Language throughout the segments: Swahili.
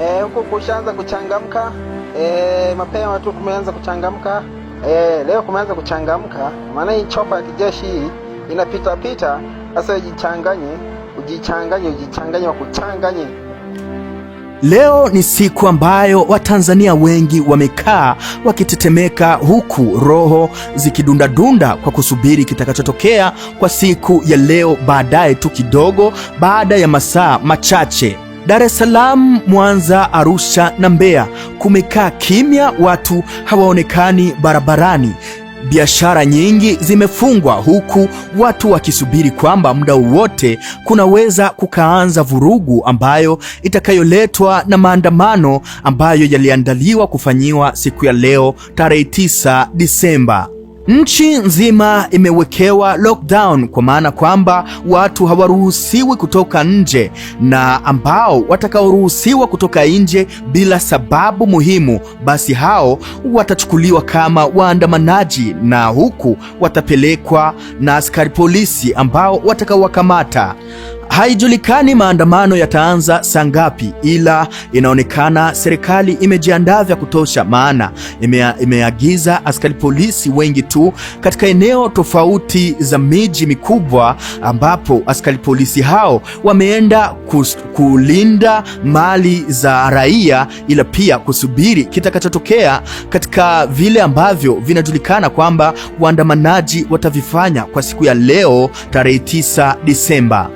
Eh, huko e, kushaanza kuchangamka e, mapema tu kumeanza kuchangamka e, leo kumeanza kuchangamka, maana hii chopa ya kijeshi hii inapitapita sasa. Ujichanganye, ujichanganye, ujichanganye, wakuchanganye Leo ni siku ambayo Watanzania wengi wamekaa wakitetemeka, huku roho zikidundadunda kwa kusubiri kitakachotokea kwa siku ya leo, baadaye tu kidogo, baada ya masaa machache. Dar es Salaam, Mwanza, Arusha na Mbeya kumekaa kimya, watu hawaonekani barabarani, Biashara nyingi zimefungwa huku watu wakisubiri kwamba muda wowote kunaweza kukaanza vurugu ambayo itakayoletwa na maandamano ambayo yaliandaliwa kufanyiwa siku ya leo tarehe 9 Disemba. Nchi nzima imewekewa lockdown kwa maana kwamba watu hawaruhusiwi kutoka nje, na ambao watakaoruhusiwa kutoka nje bila sababu muhimu, basi hao watachukuliwa kama waandamanaji, na huku watapelekwa na askari polisi ambao watakaowakamata. Haijulikani maandamano yataanza saa ngapi, ila inaonekana serikali imejiandaa vya kutosha, maana imea, imeagiza askari polisi wengi tu katika eneo tofauti za miji mikubwa, ambapo askari polisi hao wameenda kus, kulinda mali za raia, ila pia kusubiri kitakachotokea katika vile ambavyo vinajulikana kwamba waandamanaji watavifanya kwa siku ya leo tarehe 9 Disemba.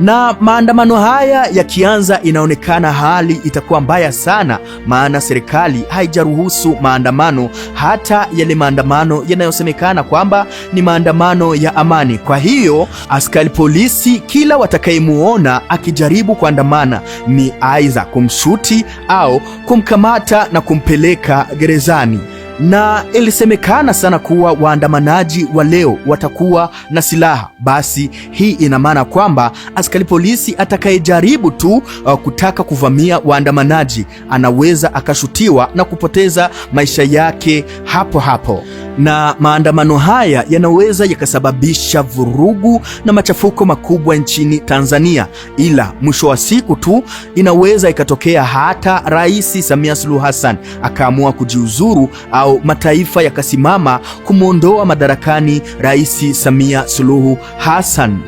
Na maandamano haya yakianza, inaonekana hali itakuwa mbaya sana, maana serikali haijaruhusu maandamano, hata yale maandamano yanayosemekana kwamba ni maandamano ya amani. Kwa hiyo askari polisi kila watakayemuona akijaribu kuandamana ni aidha kumshuti au kumkamata na kumpeleka gerezani na ilisemekana sana kuwa waandamanaji wa leo watakuwa na silaha. Basi hii ina maana kwamba askari polisi atakayejaribu tu uh, kutaka kuvamia waandamanaji anaweza akashutiwa na kupoteza maisha yake hapo hapo na maandamano haya yanaweza yakasababisha vurugu na machafuko makubwa nchini Tanzania, ila mwisho wa siku tu inaweza ikatokea hata Rais Samia Suluhu Hassan akaamua kujiuzuru au mataifa yakasimama kumwondoa madarakani Rais Samia Suluhu Hassan.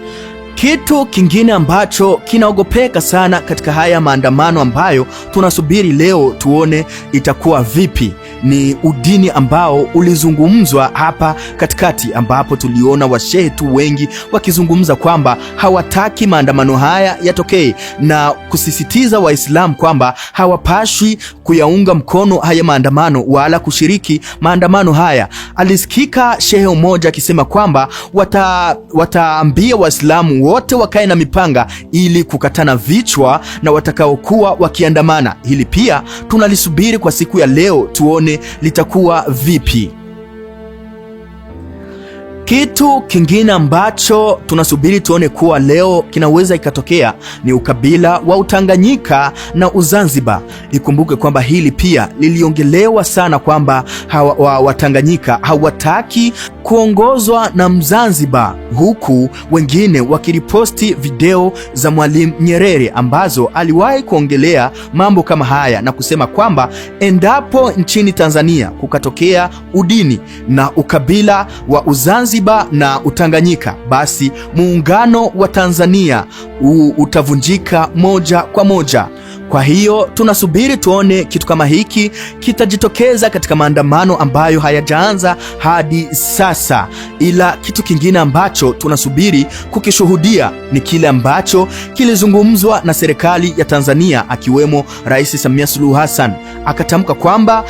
Kitu kingine ambacho kinaogopeka sana katika haya maandamano ambayo tunasubiri leo tuone itakuwa vipi ni udini ambao ulizungumzwa hapa katikati, ambapo tuliona washehe tu wengi wakizungumza kwamba hawataki maandamano haya yatokee na kusisitiza Waislamu kwamba hawapashwi kuyaunga mkono haya maandamano wala kushiriki maandamano haya. Alisikika shehe mmoja akisema kwamba wataambia wata Waislamu wote wakae na mipanga ili kukatana vichwa na watakaokuwa wakiandamana. Hili pia tunalisubiri kwa siku ya leo, tuone litakuwa vipi. Kitu kingine ambacho tunasubiri tuone kuwa leo kinaweza ikatokea ni ukabila wa Utanganyika na Uzanzibar. Ikumbuke kwamba hili pia liliongelewa sana kwamba hawa Watanganyika hawataki kuongozwa na Mzanzibar, huku wengine wakiriposti video za Mwalimu Nyerere ambazo aliwahi kuongelea mambo kama haya na kusema kwamba endapo nchini Tanzania kukatokea udini na ukabila wa Uzanzibar Zanzibar na Utanganyika, basi muungano wa Tanzania utavunjika moja kwa moja. Kwa hiyo tunasubiri tuone kitu kama hiki kitajitokeza katika maandamano ambayo hayajaanza hadi sasa, ila kitu kingine ambacho tunasubiri kukishuhudia ni kile ambacho kilizungumzwa na serikali ya Tanzania, akiwemo Rais Samia Suluhu Hassan akatamka kwamba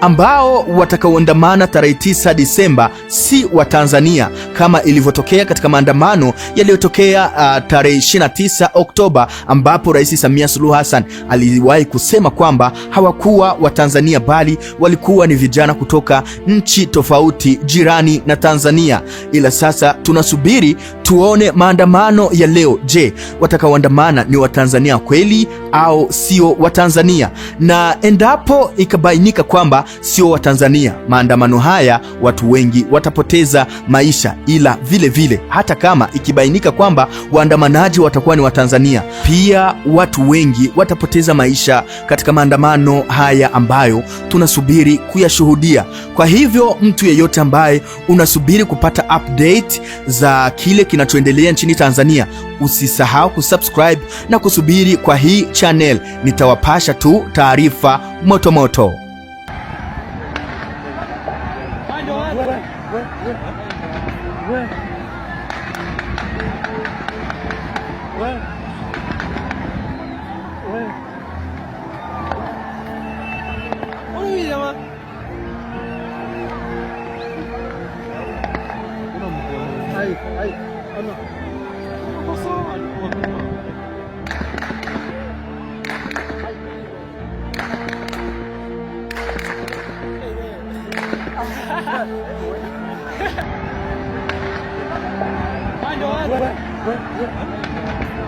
ambao watakaoandamana tarehe 9 Disemba si wa Tanzania kama ilivyotokea katika maandamano yaliyotokea uh, tarehe 29 Oktoba, ambapo Rais Samia Suluhu Hassan aliwahi kusema kwamba hawakuwa wa Tanzania bali walikuwa ni vijana kutoka nchi tofauti jirani na Tanzania. Ila sasa tunasubiri tuone maandamano ya leo. Je, watakaoandamana ni Watanzania kweli au sio Watanzania? na enda Endapo ikabainika kwamba sio Watanzania, maandamano haya watu wengi watapoteza maisha, ila vile vile hata kama ikibainika kwamba waandamanaji watakuwa ni Watanzania, pia watu wengi watapoteza maisha katika maandamano haya ambayo tunasubiri kuyashuhudia. Kwa hivyo mtu yeyote ambaye unasubiri kupata update za kile kinachoendelea nchini Tanzania Usisahau kusubscribe na kusubiri kwa hii channel, nitawapasha tu taarifa moto moto.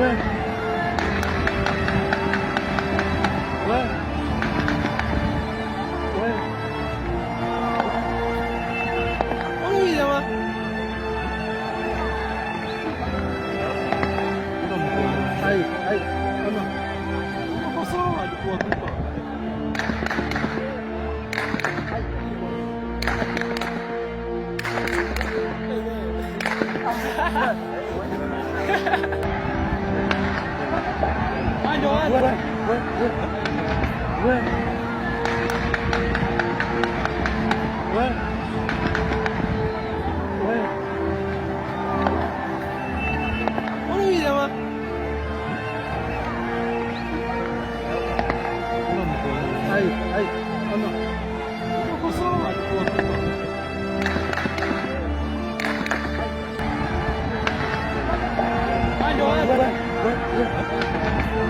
问。はいはい